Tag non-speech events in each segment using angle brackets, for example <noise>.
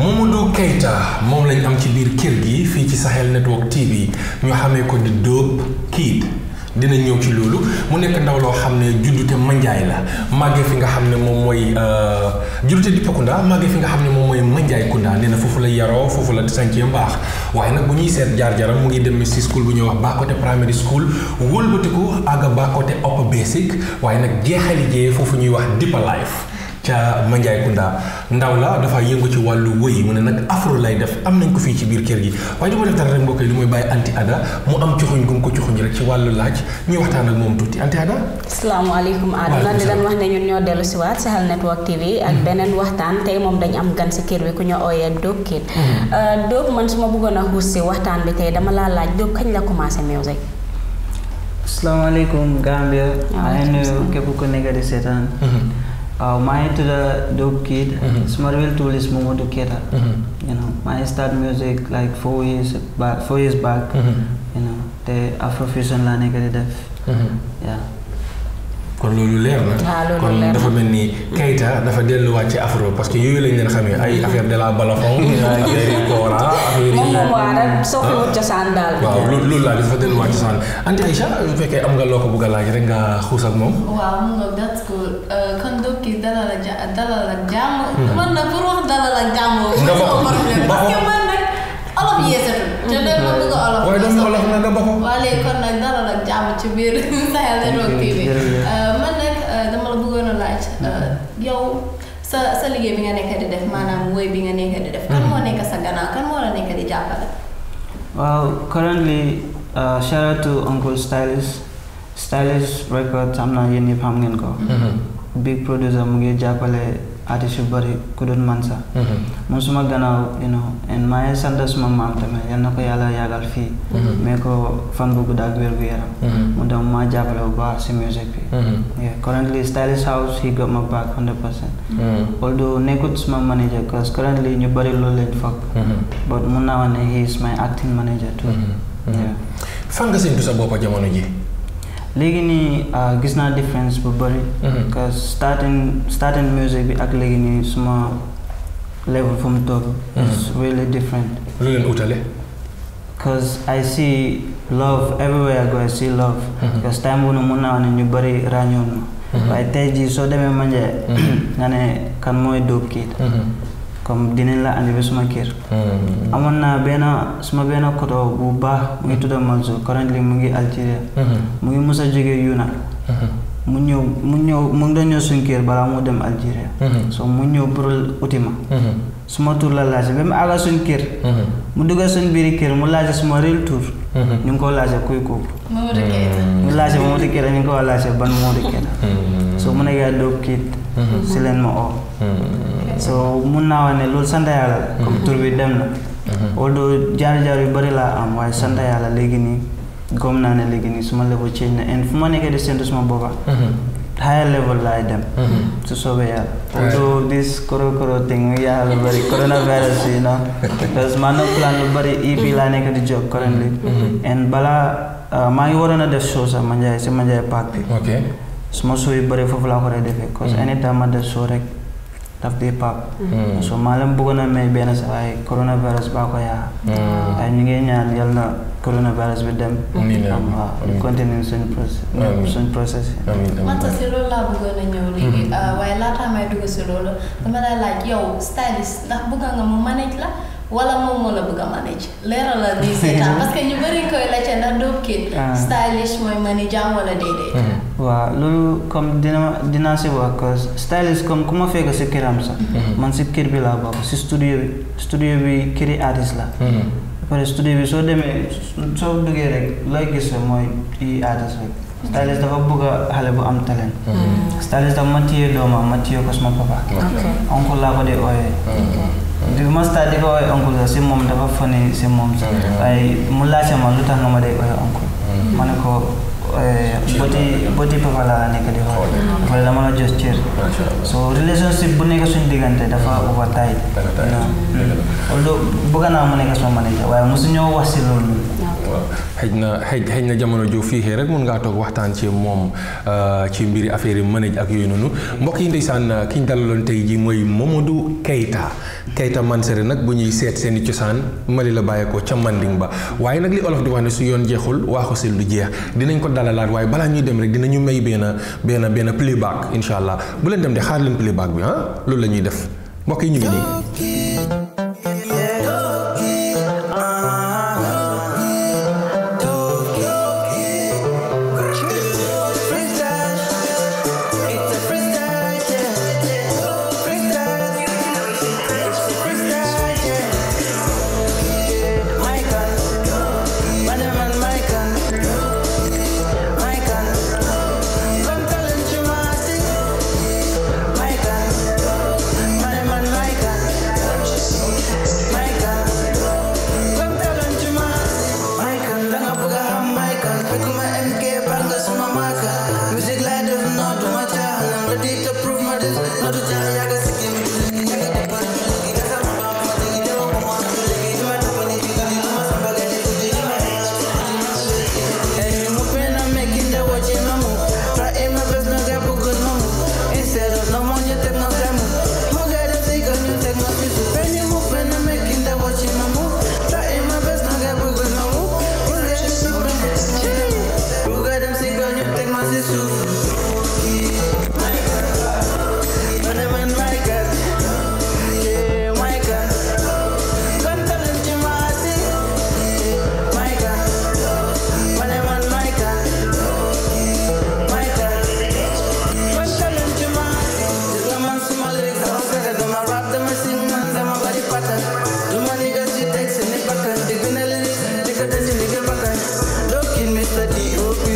moom Mamadou Keita moom lañ am ci biir kër gi fii ci Sahel Network TV ñu xamee ko di Dope Kid dina ñëw ci loolu mu nekk ndaw loo xam ne juddute manjaay la màggee fi nga xam ne moom mooy euh, juddute di Pakunda màggee fi nga xam ne mooy manjaay kunda nee na foofu la yaroo foofu la sancee mbaax waaye nag bu ñuy seet jaar-jaram mu ngi dem si school bu ñuy wax Bakote primary school wëlbatiku àgg Bakote upper basic waaye nag jeexali jee foofu ñuy wax Deeper Life ca Mandiaye Kounda ndaw la dafa yëngu ci wàllu wëy mu ne nag afro lay def am nañ ko fii ci biir kër gi waaye du ma def dara rek mbokk yi li muy bàyyi anti ada mu am cuxuñ gum ko cuxuñ rek ci wàllu laaj ñuy waxtaan ak moom tuuti anti ada asalaamaaleykum aduna di leen wax ne ñun ñoo dellu si waat Sahel Network mm-hmm. waxtaan tey moom dañ am gan si kër bi ku ñu ooyee Dope Kid Dope man su ma a xuus si waxtaan bi tey dama laa laaj Dope kañ la commencé music asalaamaaleykum Gambia maa ngi nuyu képp ku nekk di seetaan mm-hmm. Uh, my to the dope kid, mm-hmm. Smurville tool is Momo Dukera. mm You know, my start music like four years back, four years back. Mm-hmm. You know, the Afrofusion lane kare def. Mm-hmm. Yeah. kon loolu leer na ah, kon dafa mel ni Keita dafa delluwaat ci afro parce que yooyu lañ leen xamee ay affaire de la balafon <laughs> affaire yi koora affaire yi ah. waaw loolu loolu laa dafa delluwaat cosaan Anta bu fekkee am nga loo ko bëgg a laaj rek nga xuus moom waaw mu nga that's good euh, kon dalal ak jàmm hmm. dalal ak jàmm man dalal ak jàmm nga ba problème parce que man nag olof yeesatu te doon ma bëgg a olof. waaye doon olof na da bokk. waaw léegi kon nag dara nag jàmm ci biir Sahel man nag dama la bëggoon a laaj yow sa liggéey bi nga nekk di def maanaam woy bi nga nekk def. kan moo nekk sa gannaaw kan moo nekk di jàppale. currently uh, shout to Uncle Stylist Stylist Records am na yéen ñëpp ngeen ko. big producer mu ngi jàppale. ati shubari kudun mansa mm -hmm. you know en Maya santa suma mam tame yanna ko yalla yagal fi mm -hmm. me ko fan bu gudak wer yaram mm -hmm. dam ma ci music mm-hmm. yeah currently stylish house he got my back 100% mm-hmm. although nekut suma manager cause currently ñu bari lo len fak but mun na wone he is my acting manager too mm-hmm. yeah fanga nga du sa bopa jamono ji léegi nii ah, gis naa difference bu bëri. Mhm. que starting starting music bi ak léegi nii suma level fu mu toll. Mhm. it's really different. lu leen utale. because I see love everywhere I go I see love. because mhm. time bu ne mun naa ne ñu bëri ràññoon ma. waaye tey jii soo demee Manjai. <clears throat> nga ne kan mooy dóob Kid. comme dinañ la andi ba suma kër hmm. amoon naa benn suma benn koto bu baax mu ngi tudda Mansour currently mu ngi Algeria hmm. mu ngi musa jógee Yuna mu hmm. ñëw mu ñëw mu ngi doon ñëw suñ kër balaa mu dem Algeria so mu ñëw pour utima suma tur la laajee ba mu àgga suñ kër. Mhm. mu dugga suñ biiri kër mu laaj suma réel tur. Mhm. ñu ngi ko laajee kuy kooku. Momodou Keita mhm. ñu laajee Momodou ñu ngi ko laajee ban Momodou Keita. soo mu nekkee ma oo. so mun naa wax ne loolu sant yàlla la. comme tur bi dem na. although jaar-jaar yu bari laa am waaye sant yàlla léegi nii gom naa ne léegi nii suma level change na and fu ma nekkee di séntu suma boppam. high level item mm so to ya this kuro kuro thing ya we have <laughs> Corona virus, you know, because mana plan very EP line di job currently, mm-hmm. and bala mai uh, my work show sama manjay sa manjay party Okay. Semua so beri fufla kore deh cause anytime ada show daf dee paak so maa leen bëggoon a may benn sa ay coronavirus baa ko yaa hmm. ay ñu ngi ñaan yal na coronavirus bi dem am waaw continue suñu process man sax si loolu laa bëggoon a ñëw léegi hmm. ah, waaye laataa may dugg si loolu dama lay laaj yow stylist ndax bëgg nga mu manage la wala moom moo la bëgg a manage leeralal ñuy seetaan parce que ñu bëri koy laajte ndax Dope Kid ah. stylish mooy mani jàmm wala déedéet hmm. waaw loolu comme dina dinaa si wax que stylish comme ku ma fekk si këram sax hmm. man si kër bi laa bokk si studio bi studio bi këri artiste la hmm. pare studio bi soo demee soo duggee rek lay gis mooy i artiste rek stylist dafa bëgg a xale bu am talent. stylist dafa ma téye doomam ma téye ko suma papa. laa ko bi ma start di ko woowee oncle si moom dafa fani si moom sax waaye mm-hmm. mu laajte ma lu tax nga ma day ooyee oncle mm-hmm. ma boti pepalaan ka di hol wala dama chair so relationship bu nekk suñ digante dafa over hmm. tight ando bu ga na mo nekk sama manager waye musu ñoo wax ci lool hejna hej hejna jamono jo fi rek mën nga mom euh ci mbiri affaire manage ak yoy nonu mbok yi ndeysan eh, kiñ dalalon tay ji moy momodou keita set seen ciosan mali la bayeko ca manding ba waye nak li olof di wax ne su dalalaat waaye balaa ñuy dem rek dinañu may benn benn benn playback incha allah bu leen dem de xaar leen playback bi ah loolu la ñuy def mbokk yi ñu ngi nii.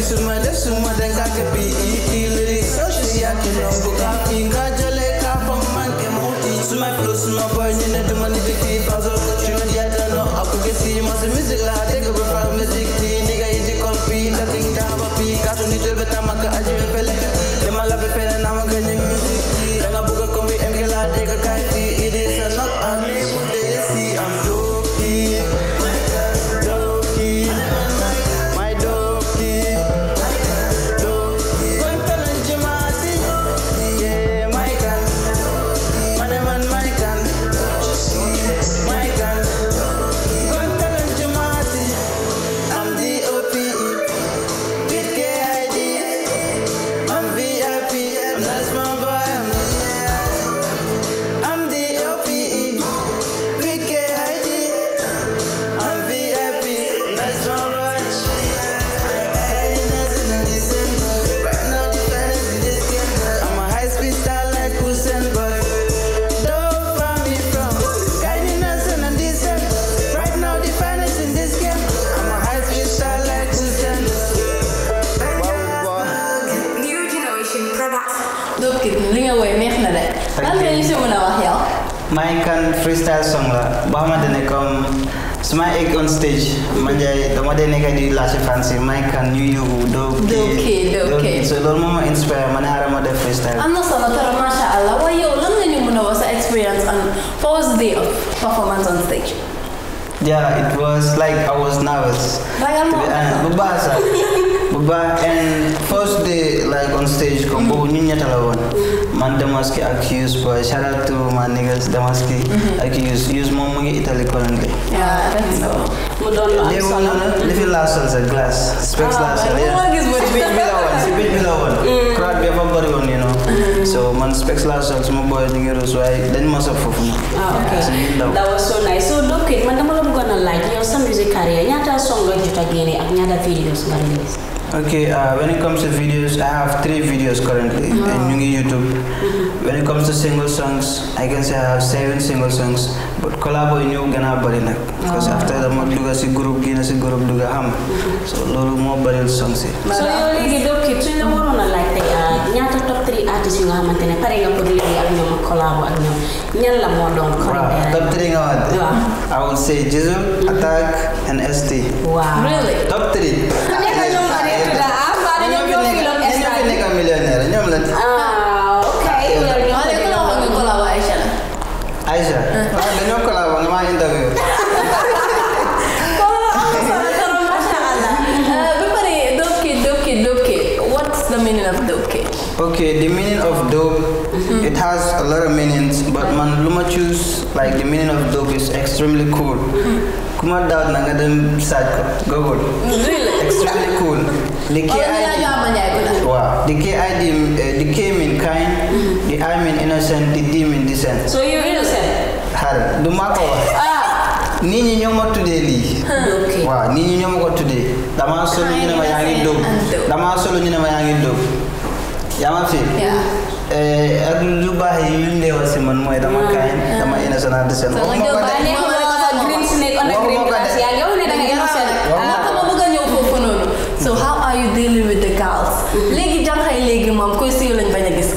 suma def suma den ka ke pi iti lyrics so she ya ke no ka pi ga jale ka pam man ke mo ti suma flow suma boy ni ne de money de ki thousand she me ya no aku ke si ma se music la de ko pa music ti African freestyle song la boo xamante ne comme su ma egg on stage ma jaay dama dee nekk kan ñuy yóbbu doo kii doo kii so ma inspire ma ne xaaral ma def freestyle. am na solo trop macha allah waaye yow lan nga ñu mën a wax experience and what was the performance on stage. Yeah, it was like I was nervous. Babasa. Baba <laughs> and first day like on stage combo mm-hmm. nyunya talawan. Man Damaski accused by shout out to my niggas Damaski mm-hmm. accused use mom ngi Italy currently. Eh. Yeah, that's no. Mudono. They were last ones at glass. Specs ah, last one. Yeah. What is what you mean? Crowd be everybody on you know. Mm-hmm. so man specs laa sol suma boy ñu ngi rus waaye dañ ma sof foofu na ah ok that was so nice so donc man dama la bëggoon a laaj yow sa music career ñaata song nga jot génne ak ñaata videos nga release Okay, uh, when it comes to videos, I have three videos currently oh. in YouTube. Mm -hmm. When it comes to single songs, I can say I have seven single songs, but collabo in you gonna bari nak. Because oh. Ah. after the mod duga si group gina si group duga ham, mm-hmm. so lolo mo bari songs si. So you lagi do kit, so you mo na like the uh, nyata top three artists yung ham antene pare nga pudi lagi ang yung collabo ang yung nyan la mo top three nga what? I would say Jizu, Attack, and ST. Wow. Really? Top three. Okay, the meaning of dope, mm -hmm. it has a lot of meanings, but man, luma choose like the meaning of dope is extremely cool. Mm-hmm. Kuma doubt na ngadam sad go go. Really? Extremely cool. The oh, K I D. Wow. The K I eh, kind. Mm-hmm. The I mean innocent. The D mean innocent. Har. Duma ko. Ah. Ni ni nyomo today li. Okay. Wow. Ni ni nyomo ko today. Dama solo ni na ma yangi dope. Dama solo ni na ma yangi dope. yaa ma fi. Eh, ak lu baax yi man mooy dama kaay ah. dama innocent de seen. waxuma ko de waxuma ko so how are you dealing with the girls. <laughs> léegi jànq yi léegi moom koy siiw lañ bañ gis.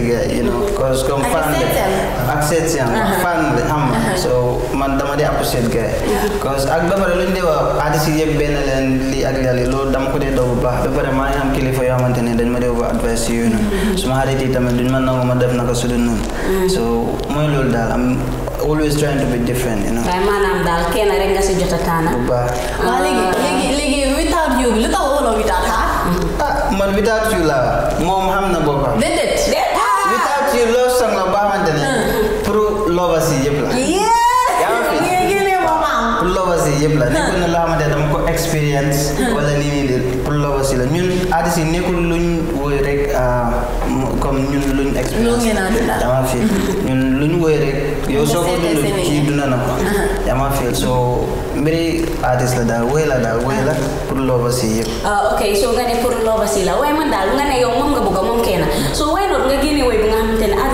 juga you know cause kom family accept yang family am um, so man dama di appreciate ga cause ak ba bare lundi wa adi si yeb ben len li ak yalla lo dam ko de do ba ba bare ma am kilifa yo amantene dañ ma de wa advice you know mhm. suma hariti tamit duñ man nangu ma def naka sudun non mhm. so moy lol dal am um, always trying to be different you know kay manam um, dal ken rek nga ci jotta tana ah. wa legi legi legi without you lu taw wolo without her ah man without you lah, mom ham na bopam dedet Belum masih je pula. Yes. gini pasti je pula. Ni pun lah iya. ya, macam iya, iya, dalam experience. Wala ni ni dia. lah. Nyun ada sini ku lun werek ah, kom nyun lun experience. Lun yang ada. Jama feel. Nyun lun werek. Yo so lun ki duna na. Jama feel. So meri artist lah dah. Wela dah. Wela pulau pasti je. Ah, okay. So nih pulau pasti lah. Wai mandal. Ngan ayong eh, mom gabuga mom kena. So wai nor gini wai bengahan ada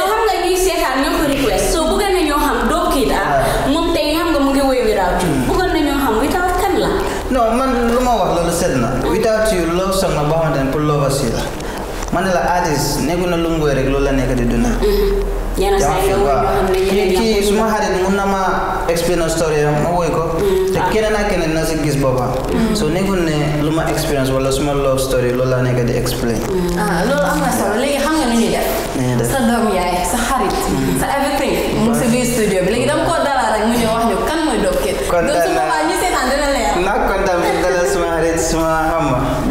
man luma wax lolu setna without you love song na bahon dan pul love asila man la artist neguna lum goy ya, rek lolu la nek di duna yana say lo wo xamne yeneen ki suma xarit mun na ma explain story ma woy ko te kene na kene na si gis boba so negu ne lu ma experience wala suma love story loolu la nekk di explain mm. ah loolu am na solo léegi xam nga lu ñuy def sa dom yaay sa xarit sa everything mu si bi studio bi léegi dam ko dara rek mu ñu wax ñu kan mooy dokkit do suma boobaa ñu seetaan dina leer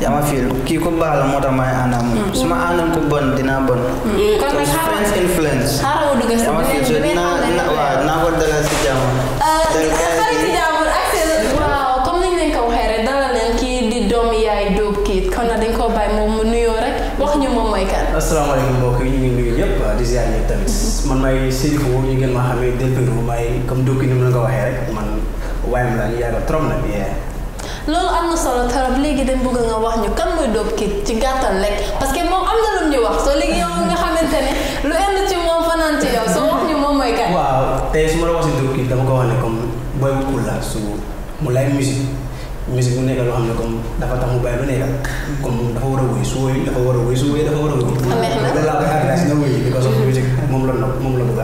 yaa ma fiil kii ku baax la moo tax may ànd ak moom mm-hmm. su ma àndoon ku bon dinaa bon. Mm-hmm. kon nag friends si beneen naa ko dalal si jàmm. Uh, waaw ko waxee rek moom mu nuyoo rek wax ñu moom mooy kan. asalaamaaleykum mbokk yi ñu ngi nuyu ñëpp ah, di ziar ñëpp tamit. Mm-hmm. man maay Seydou Fou ñu ngeen ma xamee Delphine Fou maay comme Dope Kid ni mu la waxee rek man waayam laa ñu yàgg trop nag. loolu am na solo trop léegi dañ bëgg nga wax ñu kan mooy Dope Kid ci gàttal rek parce que moom am na lu ñu wax soo léegi yow nga xamante ne lu ënd ci moom fanaan ci yow soo wax ñu moom mooy kan. waaw tey su ma la wax si Dope Kid dama ko wax ne comme booy bu cool la su mu lay musique musique bu nekk loo xam ne comme dafa tax mu bàyyi lu nekk comme dafa war a wéy su wéy dafa war a wéy su wéy dafa war a wéy.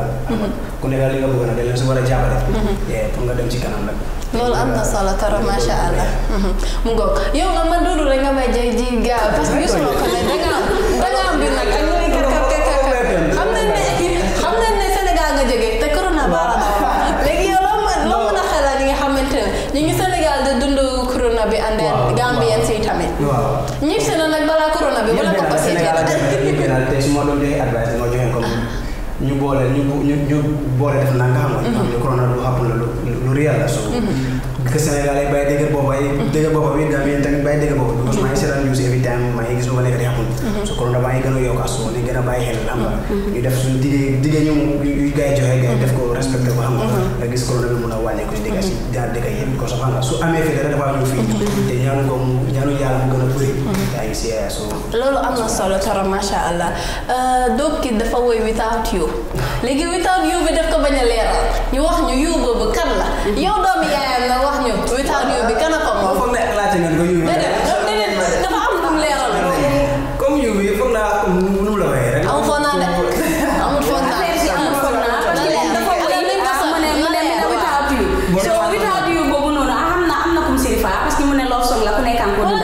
Mm-hmm. ku ne daal li nga bëgg nag da leen si war a jàppale. Mm-hmm. pour nga dem ci kanam nag. allah. Mm-hmm. mu ngoog yow nga man Doudou rek nga may jëy ji gaaw parce que gisuma ko ne da ngaa da ngaa am bi nag ak ñooy kàkkaate kàkkaate xam nañ ne xam nañ ne Sénégal nga jóge te corona baa la léegi yow loo mën loo mën a xelal ñi nga xamante ne ñu ngi Sénégal di dund corona bi andee Gambien si tamit. waaw ñibbisi nag balaa corona bi. wala ko passé tey. ñu boole ñu ñu boole def na nga xam nga. xam mm-hmm. ne corona lu xam la lu réel la. Mm-hmm. que Sénégal yi bàyyi déggal bopp waaye déggal bopp bi Gambie tamit bàyyi déggal bopp parce que maa ngi seetaan news every su mhm. a a bàyyi a wàññeeku mhm. amee fii dara dafa mhm. a bëri euh, woy without you léegi without you bi def ko bañ a leeral ñu wax ñu you boobu kan la yow doomi yaayam la wax ñëw. interview bi kan ak ko foog naa laajte ngeen ko ñu. na am na kum sirifa parce que mu la ku nekk am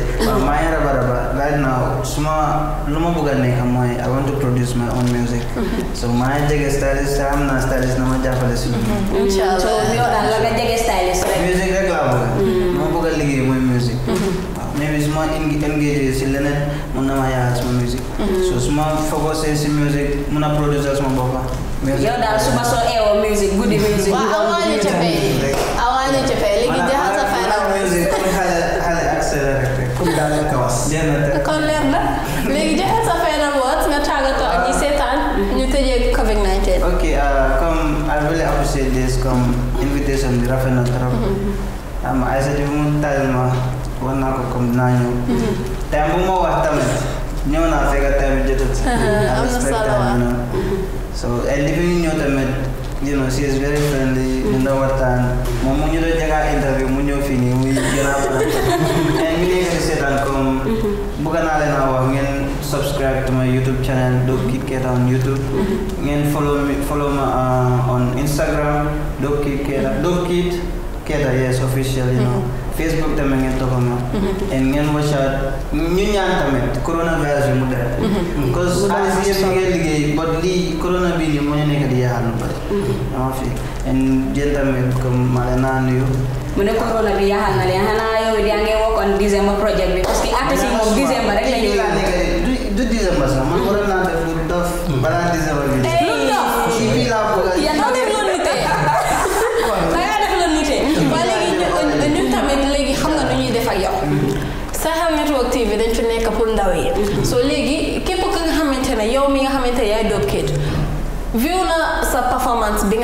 my right now, Suma Luma Bugarne Hamai, I want to produce my own music. <laughs> so my Jagga stylist, I'm not stylist, no my Jaffa is. So we are like a Jagga stylist. Music like Lava, no Bugar Ligi, my music. Mm-hmm. Uh, maybe Suma engages, Silene, Munamaya has my music. Mm-hmm. So Suma focuses in music, Muna produces my Baba. Yo, that's Suma so air eh, oh, music, good music. I want you to be. kon leer na léegi joxe sa final words nga tàggatoo ak ñi seetaan ñu tëjee covid 19 ok uh, comme i really appreciate this comme invitation bi rafet na trop am ay sa dimu tal ma war naa ko comme naa ñëw tey bu ma wax tamit ñëw naa fekk tamit jotut am na solo so ay libi ñu ñëw tamit you know, she is very friendly, mm. you know what, and mom, you know, interview, when you finish, we get up um, mm-hmm. bukan alen awak ingin subscribe to my YouTube channel Dokit Kera on YouTube mm-hmm. ingin follow me, follow me uh, on Instagram Dokit Kera mm-hmm. Dokit Kera uh, yes official you know mm-hmm. Facebook temen ingin tahu ma and ingin watch out nyanyan temen coronavirus yang muda mm-hmm. because alis dia pinggir lagi but li corona bini mau nyanyi kerja halu but and gentlemen temen kemalanan yuk mu ne bi yaaxal na leen xanaa yow yaa ngi wokkoon dixième projet bi parce que artiste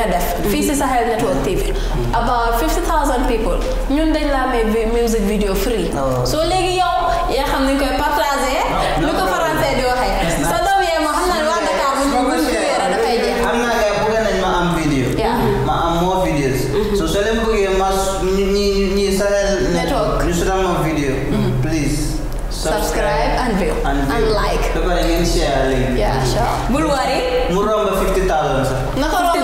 nga def fii Sahel Network TV about 50000 people ñun dañ laa may music video free oh. so léegi yow yaa xam ni koy partager lu ko français di waxee sa doom yee ma xam naa waa Dakar bu ñu dafay jeex am naa kay nañ ma am video ma am videos mm-hmm. so leen bëggee ma ñi ñi Sahel Network ñu ma video mm-hmm. please subscribe and view and, and like. share yeah, sure. Bulwari. Murah